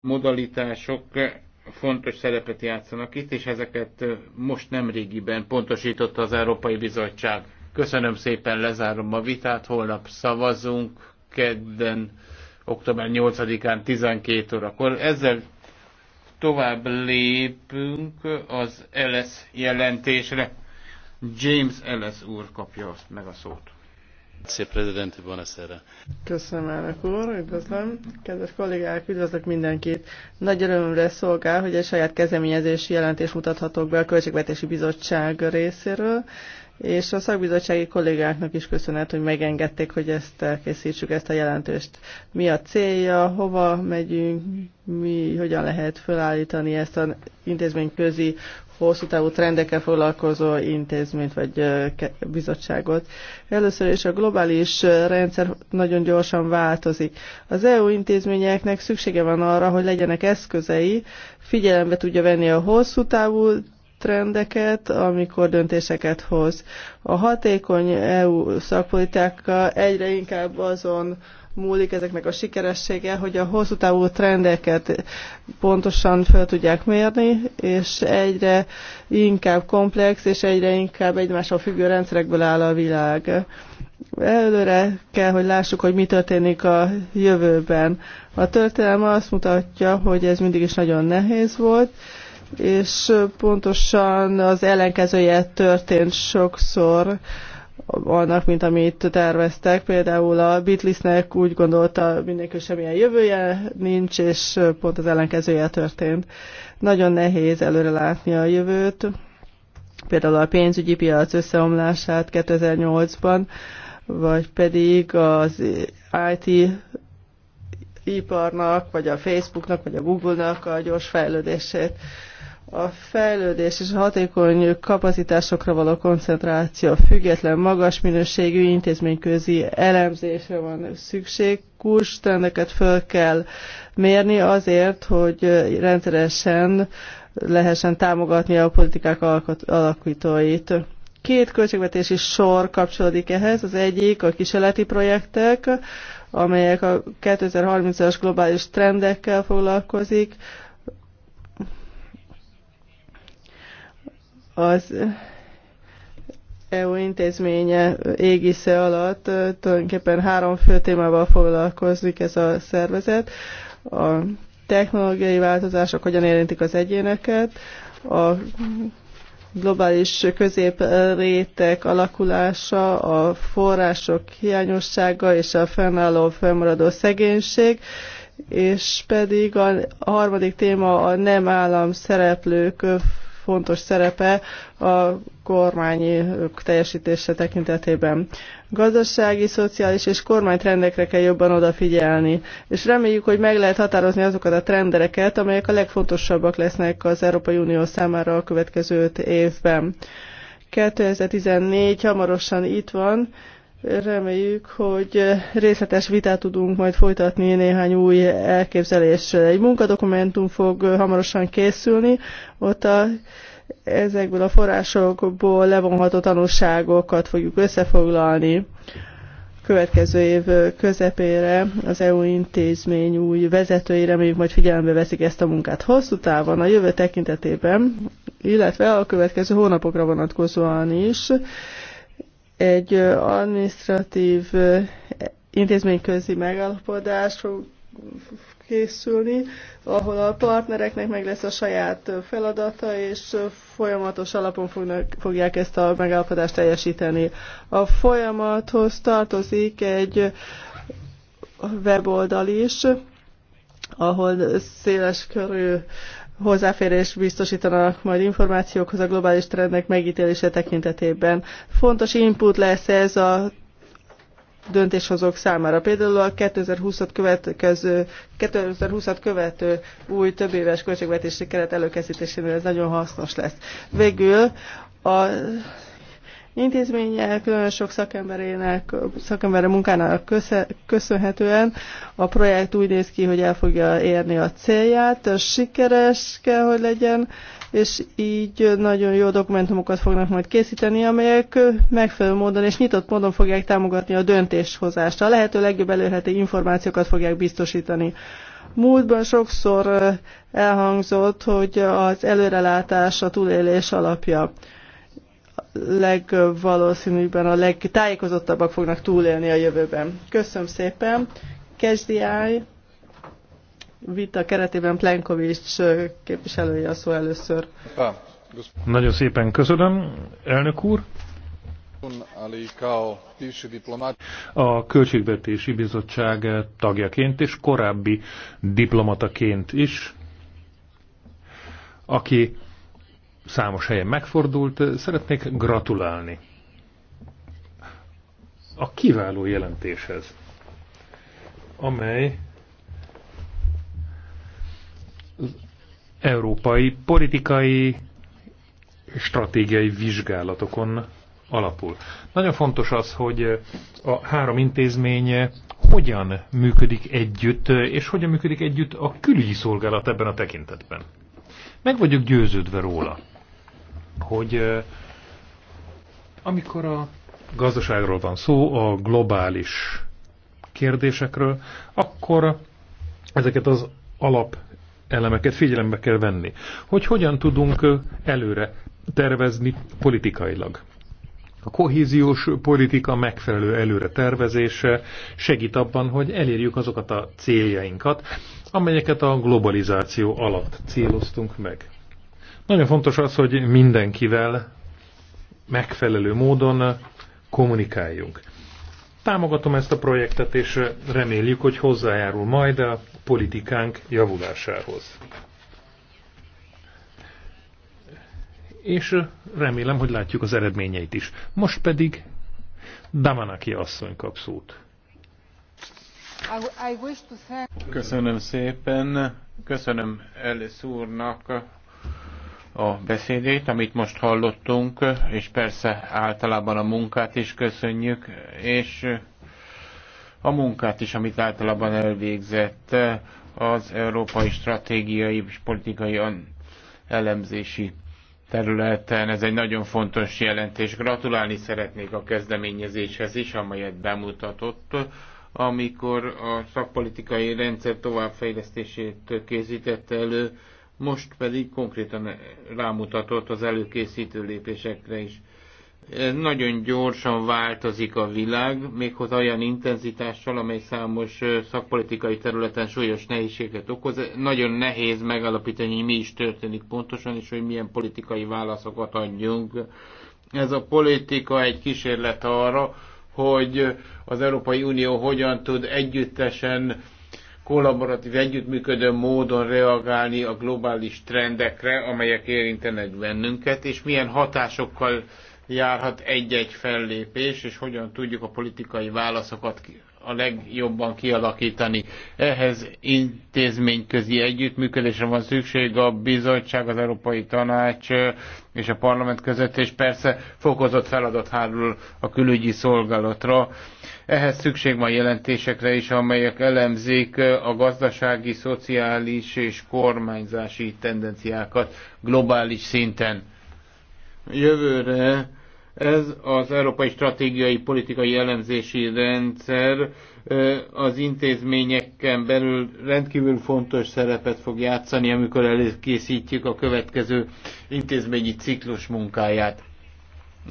modalitások fontos szerepet játszanak itt, és ezeket most nemrégiben pontosította az Európai Bizottság. Köszönöm szépen, lezárom a vitát, holnap szavazunk, kedden, október 8-án 12 órakor. Ezzel tovább lépünk az Ellis jelentésre. James Ellis úr kapja azt meg a szót. Köszönöm, elnök úr, üdvözlöm. Kedves kollégák, üdvözlök mindenkit. Nagy örömömre szolgál, hogy egy saját kezdeményezési jelentést mutathatok be a Költségvetési Bizottság részéről és a szakbizottsági kollégáknak is köszönet, hogy megengedték, hogy ezt elkészítsük, ezt a jelentést. Mi a célja, hova megyünk, mi, hogyan lehet felállítani ezt az intézményközi hosszú távú trendekkel foglalkozó intézményt vagy bizottságot. Először is a globális rendszer nagyon gyorsan változik. Az EU intézményeknek szüksége van arra, hogy legyenek eszközei, figyelembe tudja venni a hosszú távú trendeket, amikor döntéseket hoz. A hatékony EU szakpolitika egyre inkább azon múlik ezeknek a sikeressége, hogy a hosszú távú trendeket pontosan fel tudják mérni, és egyre inkább komplex, és egyre inkább egymással függő rendszerekből áll a világ. Előre kell, hogy lássuk, hogy mi történik a jövőben. A történelme azt mutatja, hogy ez mindig is nagyon nehéz volt, és pontosan az ellenkezője történt sokszor annak, mint amit terveztek. Például a Beatlesnek úgy gondolta mindenki, semmilyen jövője nincs, és pont az ellenkezője történt. Nagyon nehéz előre látni a jövőt. Például a pénzügyi piac összeomlását 2008-ban, vagy pedig az IT iparnak, vagy a Facebooknak, vagy a Google-nak a gyors fejlődését a fejlődés és a hatékony kapacitásokra való koncentráció, független, magas minőségű intézményközi elemzésre van szükség, kurs trendeket föl kell mérni azért, hogy rendszeresen lehessen támogatni a politikák alakítóit. Két költségvetési sor kapcsolódik ehhez, az egyik a kísérleti projektek, amelyek a 2030-as globális trendekkel foglalkozik, Az EU intézménye égisze alatt tulajdonképpen három fő témával foglalkozik ez a szervezet. A technológiai változások hogyan érintik az egyéneket, a globális középrétek alakulása, a források hiányossága és a fennálló fennmaradó szegénység, és pedig a harmadik téma a nem állam szereplők fontos szerepe a kormányi teljesítése tekintetében. Gazdasági, szociális és kormánytrendekre kell jobban odafigyelni, és reméljük, hogy meg lehet határozni azokat a trendereket, amelyek a legfontosabbak lesznek az Európai Unió számára a következő évben. 2014 hamarosan itt van, Reméljük, hogy részletes vitát tudunk majd folytatni néhány új elképzelésre. Egy munkadokumentum fog hamarosan készülni, ott a, ezekből a forrásokból levonható tanulságokat fogjuk összefoglalni. Következő év közepére az EU intézmény új vezetői reméljük majd figyelembe veszik ezt a munkát hosszú távon a jövő tekintetében, illetve a következő hónapokra vonatkozóan is egy administratív intézményközi megállapodás fog készülni, ahol a partnereknek meg lesz a saját feladata, és folyamatos alapon fognak, fogják ezt a megállapodást teljesíteni. A folyamathoz tartozik egy weboldal is, ahol széles körű hozzáférés biztosítanak majd információkhoz a globális trendek megítélése tekintetében. Fontos input lesz ez a döntéshozók számára. Például a 2020-at következő, 2020-at követő új többéves költségvetési keret előkészítésénél ez nagyon hasznos lesz. Végül a intézménye, különösen sok szakemberének, szakemberre munkának köszönhetően a projekt úgy néz ki, hogy el fogja érni a célját, sikeres kell, hogy legyen, és így nagyon jó dokumentumokat fognak majd készíteni, amelyek megfelelő módon és nyitott módon fogják támogatni a döntéshozást. A lehető legjobb előhető információkat fogják biztosítani. Múltban sokszor eh, elhangzott, hogy az előrelátás a túlélés alapja legvalószínűbben a legtájékozottabbak fognak túlélni a jövőben. Köszönöm szépen. állj. vita keretében Plenkovics képviselője a szó először. Nagyon szépen köszönöm, elnök úr. A Költségvetési Bizottság tagjaként és korábbi diplomataként is, aki számos helyen megfordult. Szeretnék gratulálni a kiváló jelentéshez, amely az európai politikai stratégiai vizsgálatokon alapul. Nagyon fontos az, hogy a három intézmény hogyan működik együtt, és hogyan működik együtt a külügyi szolgálat ebben a tekintetben. Meg vagyok győződve róla, hogy amikor a gazdaságról van szó, a globális kérdésekről, akkor ezeket az alap elemeket figyelembe kell venni, hogy hogyan tudunk előre tervezni politikailag. A kohéziós politika megfelelő előre tervezése segít abban, hogy elérjük azokat a céljainkat, amelyeket a globalizáció alatt céloztunk meg. Nagyon fontos az, hogy mindenkivel megfelelő módon kommunikáljunk. Támogatom ezt a projektet, és reméljük, hogy hozzájárul majd a politikánk javulásához. És remélem, hogy látjuk az eredményeit is. Most pedig Damanaki asszony kap szót. Köszönöm szépen, köszönöm Ellis úrnak a beszédét, amit most hallottunk, és persze általában a munkát is köszönjük, és a munkát is, amit általában elvégzett az európai stratégiai és politikai elemzési területen. Ez egy nagyon fontos jelentés. Gratulálni szeretnék a kezdeményezéshez is, amelyet bemutatott, amikor a szakpolitikai rendszer továbbfejlesztését készítette elő, most pedig konkrétan rámutatott az előkészítő lépésekre is. Nagyon gyorsan változik a világ, méghozzá olyan intenzitással, amely számos szakpolitikai területen súlyos nehézséget okoz. Nagyon nehéz megalapítani, hogy mi is történik pontosan, és hogy milyen politikai válaszokat adjunk. Ez a politika egy kísérlet arra, hogy az Európai Unió hogyan tud együttesen kollaboratív, együttműködő módon reagálni a globális trendekre, amelyek érintenek bennünket, és milyen hatásokkal járhat egy-egy fellépés, és hogyan tudjuk a politikai válaszokat a legjobban kialakítani. Ehhez intézményközi együttműködésre van szükség a bizottság, az Európai Tanács és a parlament között, és persze fokozott feladat hárul a külügyi szolgálatra. Ehhez szükség van jelentésekre is, amelyek elemzik a gazdasági, szociális és kormányzási tendenciákat globális szinten. Jövőre ez az Európai Stratégiai Politikai Elemzési Rendszer az intézményeken belül rendkívül fontos szerepet fog játszani, amikor előkészítjük a következő intézményi ciklus munkáját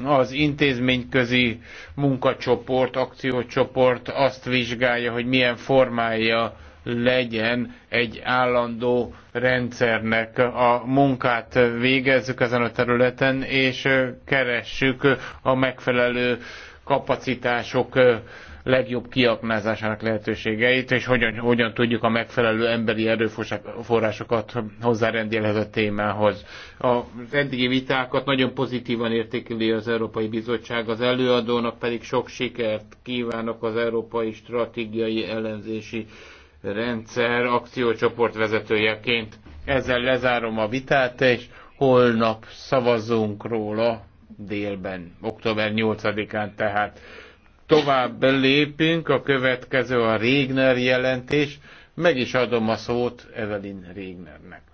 az intézményközi munkacsoport, akciócsoport azt vizsgálja, hogy milyen formája legyen egy állandó rendszernek. A munkát végezzük ezen a területen, és keressük a megfelelő kapacitások legjobb kiaknázásának lehetőségeit, és hogyan, hogyan tudjuk a megfelelő emberi erőforrásokat hozzárendelhez a témához. Az eddigi vitákat nagyon pozitívan értékeli az Európai Bizottság, az előadónak pedig sok sikert kívánok az Európai Stratégiai Ellenzési rendszer akciócsoport vezetőjeként. Ezzel lezárom a vitát, és holnap szavazunk róla délben, október 8-án tehát. Tovább lépünk, a következő a Régner jelentés, meg is adom a szót Evelyn Régnernek.